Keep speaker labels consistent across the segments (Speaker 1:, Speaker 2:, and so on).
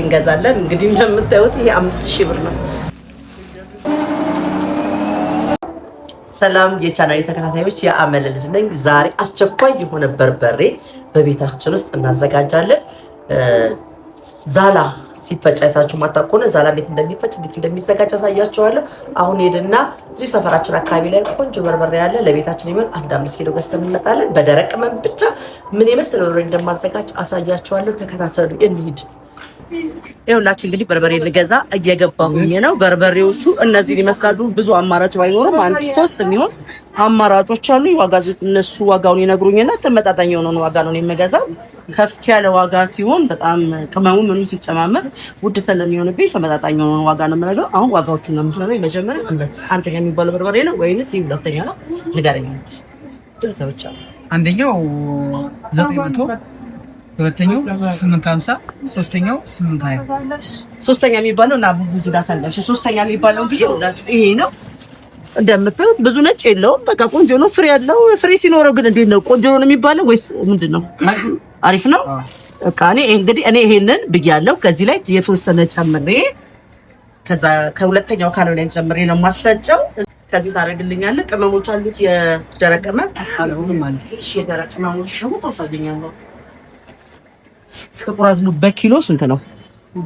Speaker 1: እንገዛለን። እንግዲህ እንደምታዩት ይሄ አምስት ሺህ ብር ነው። ሰላም የቻናሌ ተከታታዮች፣ የአመለ ልጅ ነኝ። ዛሬ አስቸኳይ የሆነ በርበሬ በቤታችን ውስጥ እናዘጋጃለን። ዛላ ሲፈጭ አይታችሁ ማታውቁ ከሆነ ዛላ እንዴት እንደሚፈጭ እንዴት እንደሚዘጋጅ አሳያችኋለሁ። አሁን ሄድና እዚሁ ሰፈራችን አካባቢ ላይ ቆንጆ በርበሬ ያለ ለቤታችን የሚሆን አንድ አምስት ኪሎ ገዝተን እንመጣለን። በደረቅ መን ብቻ ምን የመሰለ በርበሬ እንደማዘጋጅ አሳያችኋለሁ። ተከታተሉ፣ እንሂድ ይኸውላችሁ እንግዲህ በርበሬ ልገዛ እየገባሁኝ ነው። በርበሬዎቹ እነዚህ ይመስላሉ። ብዙ አማራጭ ባይኖርም አንድ ሶስት የሚሆን አማራጮች አሉ። ዋጋ እነሱ ዋጋውን ይነግሩኝና ተመጣጣኝ የሆነውን ዋጋ ነው የምገዛው። ከፍ ያለ ዋጋ ሲሆን በጣም ቅመሙ ምንም ሲጨማመር ውድ ስለሚሆንብኝ ተመጣጣኝ የሆነውን ዋጋ ነው የምነግረው። አሁን ዋጋዎቹን ነው የምትነግረው። የመጀመሪያ አንተ የሚባለው በርበሬ ነው ወይንስ ሁለተኛ ነው? ንገረኝ። ድምፅ አሉ አንደኛው ዘጠኝ መቶ ሁለተኛው ስምንት ሀምሳ ሶስተኛው ስምንት ሀያ ሶስተኛ የሚባለው ና ብዙ ዳሳለሽ ሶስተኛ የሚባለው ጊዜ ሁላችሁ ይሄ ነው። እንደምታዩት ብዙ ነጭ የለውም። በቃ ቆንጆ ነው። ፍሬ ያለው ፍሬ ሲኖረው ግን እንዴት ነው ቆንጆ ነው የሚባለው ወይስ ምንድን ነው? አሪፍ ነው። በቃ እኔ እንግዲህ እኔ ይሄንን ብያለሁ። ከዚህ ላይ የተወሰነ ጨምሬ ከዛ ከሁለተኛው ካሎሪን ጨምሬ ነው የማስፈጨው። ከዚህ ታደርግልኛለህ ቅመሞች አሉት የደረቅ ቅመም ማለት የደረቅ ቅመሞች ደግሞ ታሳገኛለሁ ጥቁር አዝሙድ በኪሎ ስንት ነው?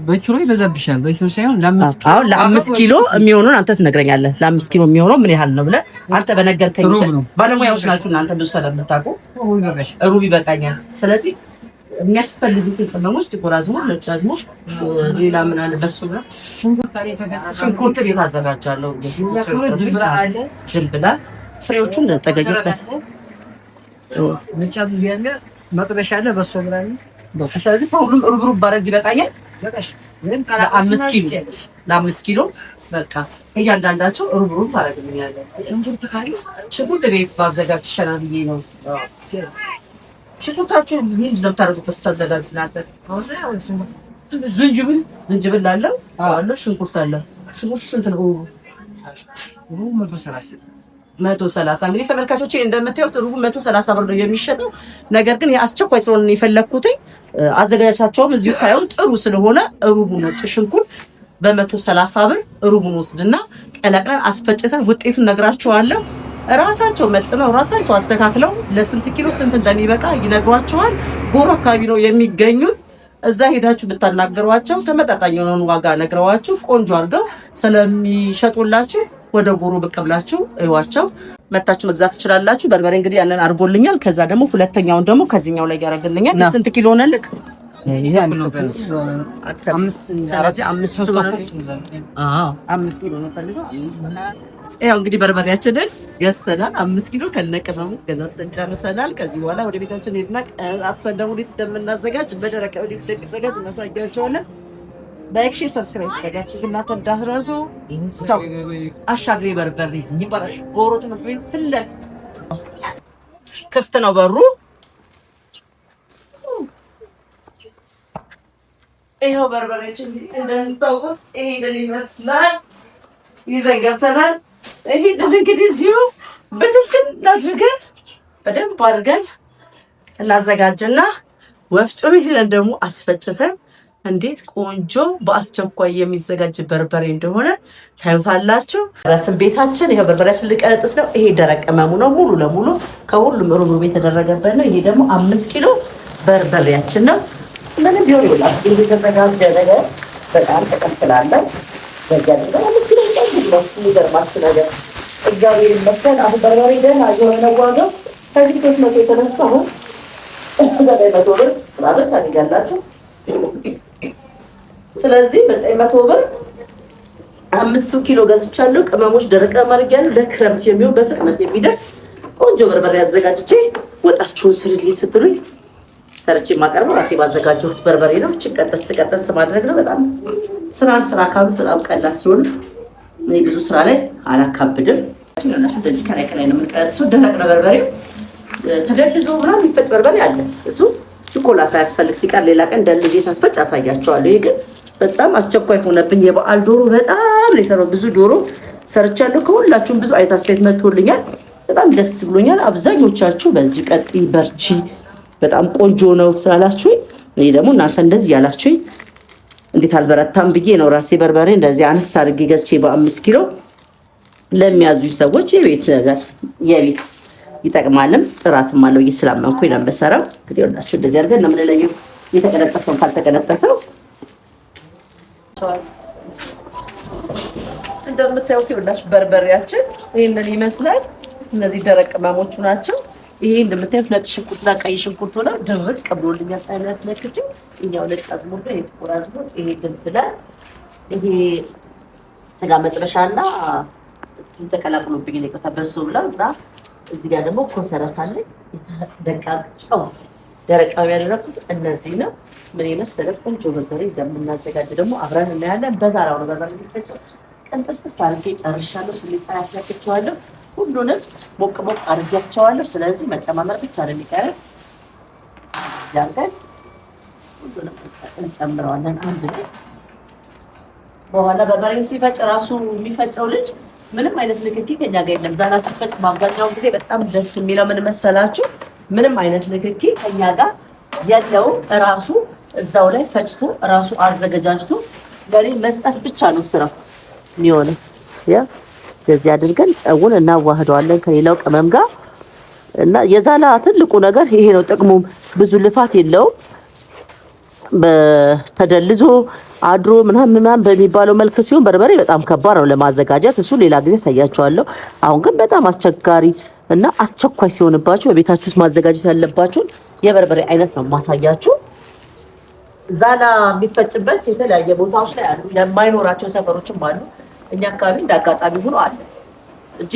Speaker 1: በኪሎ ይበዛብሻል። በኪሎ ሳይሆን ለአምስት ኪሎ አሁን ለአምስት ኪሎ የሚሆኑን አንተ ትነግረኛለህ። ለአምስት ኪሎ የሚሆነው ምን ያህል ነው ብለህ አንተ በነገርከኝ። ባለሙያዎች ናችሁ እናንተ ብዙ ስለምታውቁ ሩብ ይበቃኛል። ስለዚህ የሚያስፈልጉት ቅመሞች ጥቁር አዝሙድ፣ ነጭ አዝሙድ፣ ሌላ ምን አለ በሱ ጋር ሽንኩርት ቤት አዘጋጃለሁ። ድንብላ ፍሬዎቹን ተገኘ መጥበሻ አለ በሱ ስለዚህ ከሁሉም ሩብሩብ ባረግ ይበቃኛል። ለአምስት ኪሎ ለአምስት ኪሎ በቃ እያንዳንዳቸው ሩብሩብ ባረግ ያለን ሽንኩርት ቤት ባዘጋጅ ይሻላል ብዬ ነው። ሽንኩርታችሁ ምንድን ነው የምታደርጉበት ስታዘጋጅ? እናንተ ዝንጅብል ዝንጅብል አለው አለ፣ ሽንኩርት አለ። ሽንኩርት ስንት ነው? መቶ መቶ ሰላሳ እንግዲህ ተመልካቾች እንደምታዩት ሩቡ መቶ ሰላሳ ብር ነው የሚሸጠው። ነገር ግን የአስቸኳይ ስለሆነ የፈለግኩትኝ አዘጋጃቻቸውም እዚሁ ሳይሆን ጥሩ ስለሆነ ሩቡ ነጭ ሽንኩርት በመቶ ሰላሳ ብር ሩቡን ወስድና ቀላቅለን አስፈጭተን ውጤቱን ነግራችኋለሁ። ራሳቸው መጥነው ራሳቸው አስተካክለው ለስንት ኪሎ ስንት እንደሚበቃ ይነግሯችኋል። ጎሮ አካባቢ ነው የሚገኙት። እዛ ሄዳችሁ ብታናገሯቸው ተመጣጣኝ የሆነውን ዋጋ ነግረዋችሁ ቆንጆ አድርገው ስለሚሸጡላችሁ ወደ ጎሮ ብቅ ብላችሁ እዩዋቸው። መታችሁ መግዛት ትችላላችሁ። በርበሬ እንግዲህ ያለን አድርጎልኛል። ከዛ ደግሞ ሁለተኛውን ደግሞ ከዚህኛው ላይ ያደርግልኛል። ስንት ኪሎ ሆነልክ? ያው እንግዲህ በርበሬያችንን ገዝተናል። አምስት ኪሎ ከነቅመሙ ገዛዝተን ጨርሰናል። ከዚህ በኋላ ወደ ቤታችን ሄድና እንደምናዘጋጅ በደረቀ እንደሚዘጋጅ እናሳያቸዋለን። ላይክ፣ ሼር፣ ሰብስክራይብ ያደርጋችሁ እናንተ እንዳትረሱ። ቻው። አሻግሪ በርበሬ ይባላል። ጎሮ ትምህርት ቤት ፊት ለፊት ክፍት ነው በሩ። ይኸው በርበሬችን እንደምታውቁት ይሄንን ይመስላል። ይዘን ገብተናል። ይሄንን እንግዲህ እዚሁ አድርገን በደንብ አድርገን እናዘጋጅና ወፍጮ ቤት ደግሞ አስፈጭተን እንዴት ቆንጆ በአስቸኳይ የሚዘጋጅ በርበሬ እንደሆነ ታዩታላችሁ። ረስም ቤታችን ይኸው በርበሬያችን ልቀነጥስ ነው። ይሄ ደረቅ ቅመሙ ነው፣ ሙሉ ለሙሉ ከሁሉም ሩብሩብ የተደረገበት ነው። ይሄ ደግሞ አምስት ኪሎ በርበሬያችን ነው። ምንም ቢሆን ይውላል። ይህ የተዘጋጀ ነገር በጣም ተቀፍላለን። በዚያ ደግሞ አምስት ነው። የሚገርማችሁ ነገር እግዚአብሔር ይመስገን አሁን በርበሬ ደህና የሆነ ዋጋው ከዚህ ሶስት መቶ የተነሳ አሁን ዘጠኝ መቶ ብር ማለት ታገኛላችሁ። ስለዚህ በዘጠኝ መቶ ብር አምስቱ ኪሎ ገዝቻለሁ። ቅመሞች ደረቀ ማድረጊያለሁ። ለክረምት የሚሆን በፍጥነት የሚደርስ ቆንጆ በርበሬ አዘጋጅቼ ወጣችሁን ስልልኝ ስትሉኝ ሰርቼ የማቀርበው ራሴ ባዘጋጀሁት በርበሬ ነው። ችቀጠስ ጥቀጠስ ማድረግ ነው። በጣም ስራን ስራ ካሉት በጣም ቀላል ስለሆነ እኔ ብዙ ስራ ላይ አላካብድም። እንደዚህ ከላይ ከላይ ነው የምንቀሰው። ደረቅ ነው በርበሬው። ተደልዞ ምናምን የሚፈጭ በርበሬ አለ። እሱ ችኮላ ሳያስፈልግ ሲቀር ሌላ ቀን ደልጄ ሳስፈጭ አሳያቸዋለሁ። ይህ ግን በጣም አስቸኳይ ሆነብኝ። የበዓል ዶሮ በጣም የሰራው ብዙ ዶሮ ሰርቻለሁ። ከሁላችሁም ብዙ አይነት አስተያየት መጥቶልኛል። በጣም ደስ ብሎኛል። አብዛኞቻችሁ በዚህ ቀጥ በርቺ፣ በጣም ቆንጆ ነው ስላላችሁኝ እኔ ደግሞ እናንተ እንደዚህ ያላችሁኝ እንዴት አልበረታም ብዬ ነው ራሴ በርበሬ እንደዚህ አነስ አድርጌ ገዝቼ በአምስት ኪሎ ለሚያዙኝ ሰዎች የቤት ነገር የቤት ይጠቅማልም ጥራትም አለው ስላመንኩኝ ነው የምሰራው። እንግዲህ ሁላችሁ እንደዚህ አድርገን ነው የምንለየው። የተቀነጠሰውን ካልተቀነጠሰው ተዘጋጅተዋል። እንደምታዩት የወዳችሁ በርበሬያችን ይህንን ይመስላል። እነዚህ ደረቅ ቅመሞቹ ናቸው። ይሄ እንደምታዩት ነጭ ሽንኩርትና ቀይ ሽንኩርት ሆነው ድርቅ ብሎልኛል። ጣም ያስለክጭ እኛው ነጭ አዝሙድ፣ ይሄ ጥቁር አዝሙድ፣ ይሄ ድንብላል፣ ይሄ ስጋ መጥበሻና ተቀላቅሎብኝ ነው። ይቅርታ በርሶ ብላ እና እዚህ ጋር ደግሞ ኮሰረት አለ። ደቃቅ ጨው ደረቃዊ ያደረኩት። እነዚህ ነው ምን የመሰለ ቆንጆ በርበሬ እንደምናዘጋጅ ደግሞ አብረን እናያለን። በዛራው ነው በርበሬ የሚፈጨው። ቅንጥስጥስ አድርጌ ጨርሻለሁ። ሁሌጣ ያስለቅቸዋለሁ። ሁሉንም ሞቅ ሞቅ አድርጊያቸዋለሁ። ስለዚህ መጨማመር ብቻ ነው የሚቀረው። እዚያን ሁሉንም እንጨምረዋለን አንድ ላይ። በኋላ በርበሬው ሲፈጭ ራሱ የሚፈጨው ልጅ ምንም አይነት ንክኪ ከኛ ጋር የለም። ዛና ሲፈጭ በአብዛኛውን ጊዜ በጣም ደስ የሚለው ምን መሰላችሁ ምንም አይነት ንክኪ ከኛ ጋር የለውም። ራሱ እዛው ላይ ፈጭቶ ራሱ አዘገጃጅቶ ለኔ መስጠት ብቻ ነው ስራው የሚሆነው። ያ እንደዚህ አድርገን ጨውን እናዋህደዋለን ከሌላው ቅመም ጋር እና የዛላ ትልቁ ነገር ይሄ ነው። ጥቅሙም ብዙ ልፋት የለውም። ተደልዞ አድሮ ምናምን ምናምን በሚባለው መልክ ሲሆን በርበሬ በጣም ከባድ ነው ለማዘጋጀት። እሱ ሌላ ጊዜ ያሳያቸዋለሁ። አሁን ግን በጣም አስቸጋሪ እና አስቸኳይ ሲሆንባችሁ በቤታችሁ ውስጥ ማዘጋጀት ያለባችሁን የበርበሬ አይነት ነው ማሳያችሁ። ዛላ የሚፈጭበት የተለያየ ቦታዎች ላይ አሉ፣ የማይኖራቸው ሰፈሮችም አሉ። እኛ አካባቢ እንደ አጋጣሚ ሆኖ አለ እንጂ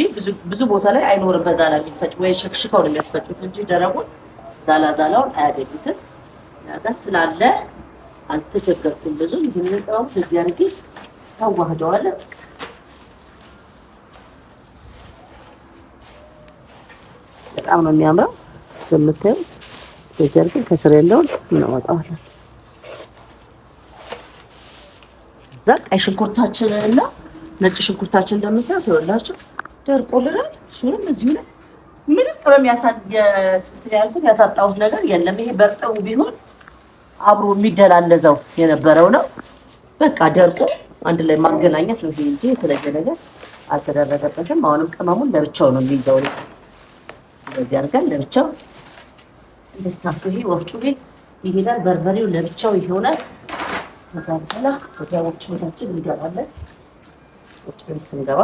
Speaker 1: ብዙ ቦታ ላይ አይኖርም። በዛላ የሚፈጭ ወይ ሽክሽካው ነው የሚያስፈጩት እንጂ ደረጉን ዛላ ዛላውን አያገኙትም። ነገር ስላለ አልተቸገርኩም ብዙ። ይህንን ቅባቡት እዚያ ርጌ ታዋህደዋለን በጣም ነው የሚያምረው የምታዩት። የዘር ግን ከስር የለውን እናወጣዋለን። እዛ ቀይ ሽንኩርታችንን እና ነጭ ሽንኩርታችን እንደምታዩት ይኸውላችሁ ደርቆልናል። እሱንም እዚሁ ላይ ምንም ጥበብ ያልኩት ያሳጣሁት ነገር የለም። ይሄ በርጠው ቢሆን አብሮ የሚደላለዘው የነበረው ነው። በቃ ደርቆ አንድ ላይ ማገናኘት ነው ይሄ እንጂ የተለየ ነገር አልተደረገበትም። አሁንም ቅመሙን ለብቻው ነው የሚይዘው። በዚህ አድርገን ለብቻው እንደዚህ ይሄ ወፍጩ ቤት ይሄዳል። በርበሬው ለብቻው ይሆናል። ከዛ በኋላ ወዲያ ወፍጩ ቤታችን እንገባለን። ወፍጩ ቤት ስንገባ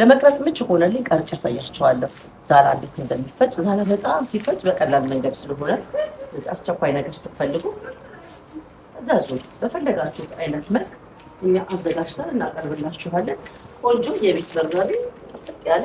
Speaker 1: ለመቅረጽ ምቹ ሆነልኝ። ቀርጭ ያሳያቸዋለሁ ዛላ እንዴት እንደሚፈጭ። ዛላ በጣም ሲፈጭ በቀላል መንገድ ስለሆነ አስቸኳይ ነገር ስትፈልጉ እዛ ዙር አይነት መልክ እኛ አዘጋጅተን እናቀርብላችኋለን። ቆንጆ የቤት በርበሬ ጥቅጥቅ ያለ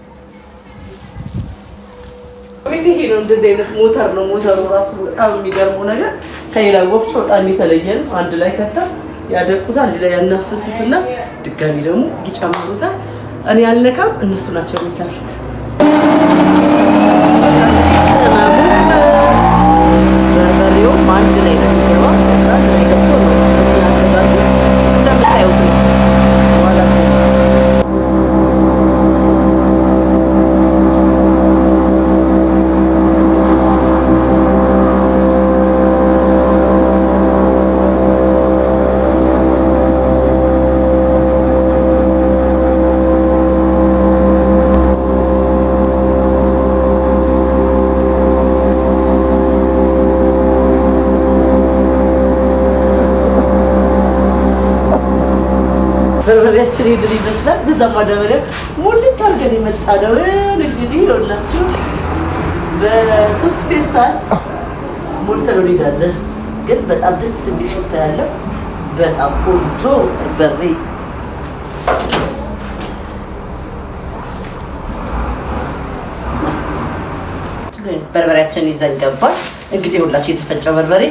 Speaker 1: ቤት ይሄ ነው። እንደዚህ አይነት ሞተር ነው። ሞተሩ ራሱ በጣም የሚገርመው ነገር ከሌላ ወፍጮ በጣም የተለየ ነው። አንድ ላይ ከታ ያደቁታል። እዚህ ላይ ያናፈሱትና ድጋሚ ደግሞ ይጨምሩታል። እኔ ያልነካም እነሱ ናቸው የሚሰሩት። ቤታችን ይሄንን ይመስላል። በዛ ማዳበሪያ ሙልት አድርገን የመጣ ነው። እንግዲህ ይኸውላችሁ በስስ ፌስታል ሞልተን እንሄዳለን። ግን በጣም ደስ የሚል ሽታ ያለው በጣም ቆንጆ በሬ በርበሬያችን ይዘን ገባል። እንግዲህ ሁላችሁ የተፈጨ በርበሬ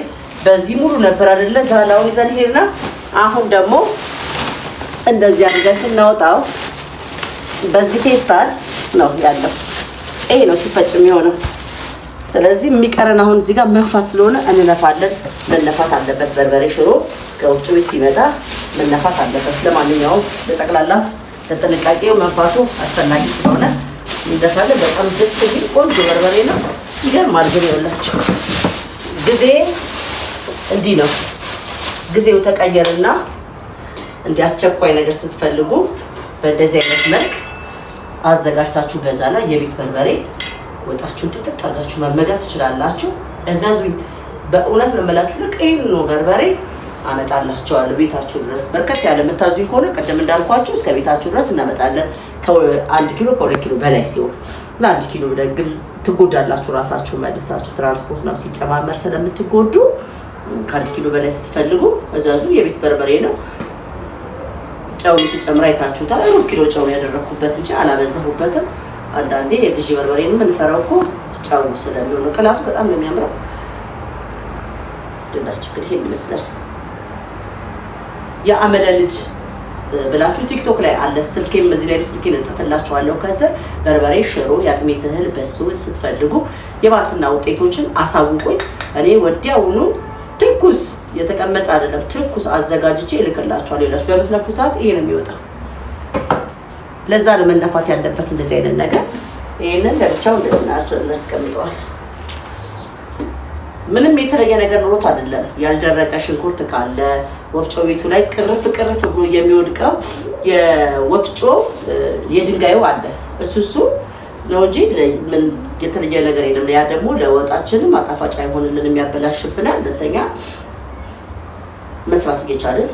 Speaker 1: በዚህ ሙሉ ነበር አይደለ? ዛላውን ይዘን ሄድና አሁን ደግሞ እንደዚህ አድርገን ስናወጣው በዚህ ፌስታል ነው ያለው። ይሄ ነው ሲፈጭም የሆነው። ስለዚህ የሚቀረን አሁን እዚህ ጋር መንፋት ስለሆነ እንነፋለን። መነፋት አለበት። በርበሬ ሽሮ ከውጭ ቤት ሲመጣ መነፋት አለበት። ለማንኛውም ለጠቅላላ ለጥንቃቄው መንፋቱ አስፈላጊ ስለሆነ እንደፋለን። በጣም ደስ የሚል ቆንጆ በርበሬ ነው። ይገርማል። ግን ይኸውላችሁ ጊዜ እንዲህ ነው። ጊዜው ተቀየርና እንዲህ አስቸኳይ ነገር ስትፈልጉ በእንደዚህ አይነት መልክ አዘጋጅታችሁ በዛ ላይ የቤት በርበሬ ወጣችሁን ጥጥቅ አድርጋችሁ መመገብ ትችላላችሁ። እዘዙኝ። በእውነት መመላችሁ ልቅ ይህን ነው በርበሬ አመጣላችኋለሁ ቤታችሁ ድረስ። በርከት ያለ የምታዙኝ ከሆነ ቅድም እንዳልኳችሁ እስከ ቤታችሁ ድረስ እናመጣለን። ከአንድ ኪሎ ከሁለት ኪሎ በላይ ሲሆን ለአንድ ኪሎ ደግም ትጎዳላችሁ። ራሳችሁ መልሳችሁ ትራንስፖርት ነው ሲጨማመር ስለምትጎዱ ከአንድ ኪሎ በላይ ስትፈልጉ እዘዙ። የቤት በርበሬ ነው። ጨው ስጨምር አይታችሁታል። ሩብ ኪሎ ጨው ያደረኩበት እንጂ አላበዛሁበትም። አንዳንዴ የግዢ በርበሬ የምንፈራው እኮ ጨው ስለሚሆነ ቅላቱ በጣም ነው የሚያምረው። ድላችሁ እንግዲህ ይመስላል። የአመለ ልጅ ብላችሁ ቲክቶክ ላይ አለ። ስልኬም እዚህ ላይ ስልኬን እንጽፍላችኋለሁ ከስር። በርበሬ፣ ሽሮ፣ የአጥሜት እህል ስትፈልጉ የባልትና ውጤቶችን አሳውቁኝ። እኔ ወዲያውኑ ትኩስ የተቀመጠ አይደለም። ትኩስ አዘጋጅቼ ይልክላቸዋል። ሌላች በምትነፉ ሰዓት ይሄ ነው የሚወጣው። ለዛ ነው መነፋት ያለበት እንደዚህ አይነት ነገር። ይሄንን ለብቻው እንደዚህ ምንም የተለየ ነገር ኖሮት አይደለም። ያልደረቀ ሽንኩርት ካለ ወፍጮ ቤቱ ላይ ቅርፍ ቅርፍ ብሎ የሚወድቀው የወፍጮ የድንጋዩ አለ እሱ እሱ ነው እንጂ የተለየ ነገር የለም። ያ ደግሞ ለወጣችንም አጣፋጭ አይሆንልን፣ የሚያበላሽብናል። ሁለተኛ መስራት እየቻልን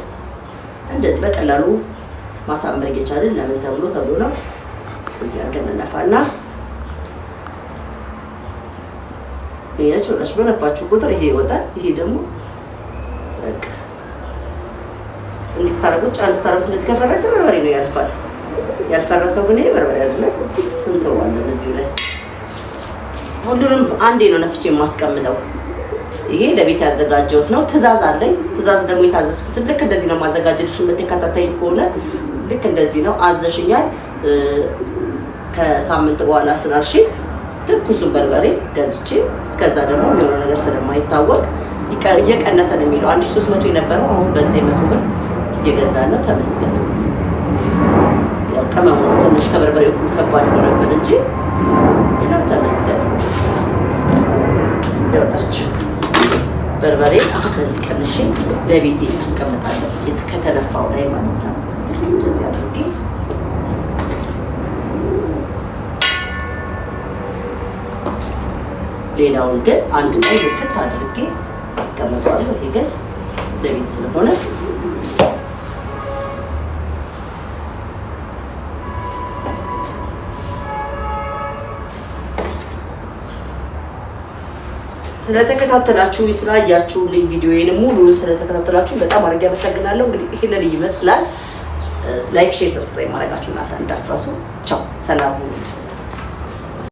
Speaker 1: እንደዚህ በቀላሉ ማሳመር እየቻልን ለምን ተብሎ ተብሎ ነው እዚህ አድርገን እንለፋና ይሄች ወለሽ በለፋችሁ ቁጥር ይሄ ይወጣል። ይሄ ደግሞ በቃ እንዲስታረቁት ጫን ስታረቁት እንደዚህ ከፈረሰ በርበሬ ነው ያልፋል። ያልፈረሰው ግን ይሄ በርበሬ አይደለም። እንተዋለን እዚሁ ላይ ሁሉንም አንዴ ነው ነፍቼ የማስቀምጠው። ይሄ ለቤት ያዘጋጀሁት ነው። ትእዛዝ አለኝ። ትእዛዝ ደግሞ የታዘዝኩት ልክ እንደዚህ ነው ማዘጋጀልሽ። የምትከታተይኝ ከሆነ ልክ እንደዚህ ነው አዘሽኛል። ከሳምንት በኋላ ስላልሽ ትኩሱን በርበሬ ገዝቼ እስከዛ ደግሞ የሚሆነው ነገር ስለማይታወቅ እየቀነሰ ነው የሚለው። አንድ ሶስት መቶ የነበረው አሁን በዘጠኝ መቶ ብር እየገዛ ነው። ተመስገን። ቅመሙ ትንሽ ከበርበሬ እኩል ከባድ ሆነብን እንጂ ሌላው ተመስገን ይወዳችሁ በርበሬ በዚህ ቀንሼ ለቤቴ አስቀምጣለሁ፣ ከተለፋው ላይ ማለት ነው። እንደዚህ አድርጌ ሌላውን ግን አንድ ላይ ፍት አድርጌ አስቀምጠዋለሁ። ይሄ ግን ለቤት ስለሆነ ስለተከታተላችሁ ስላያችሁልኝ ቪዲዮዬን ሙሉ ስለተከታተላችሁ በጣም አድርጌ አመሰግናለሁ። እንግዲህ ይህንን ይመስላል። ላይክ፣ ሼር፣ ሰብስክራይብ ማድረጋችሁ እናንተ እንዳትረሱ። ቻው፣ ሰላም ሁኑ።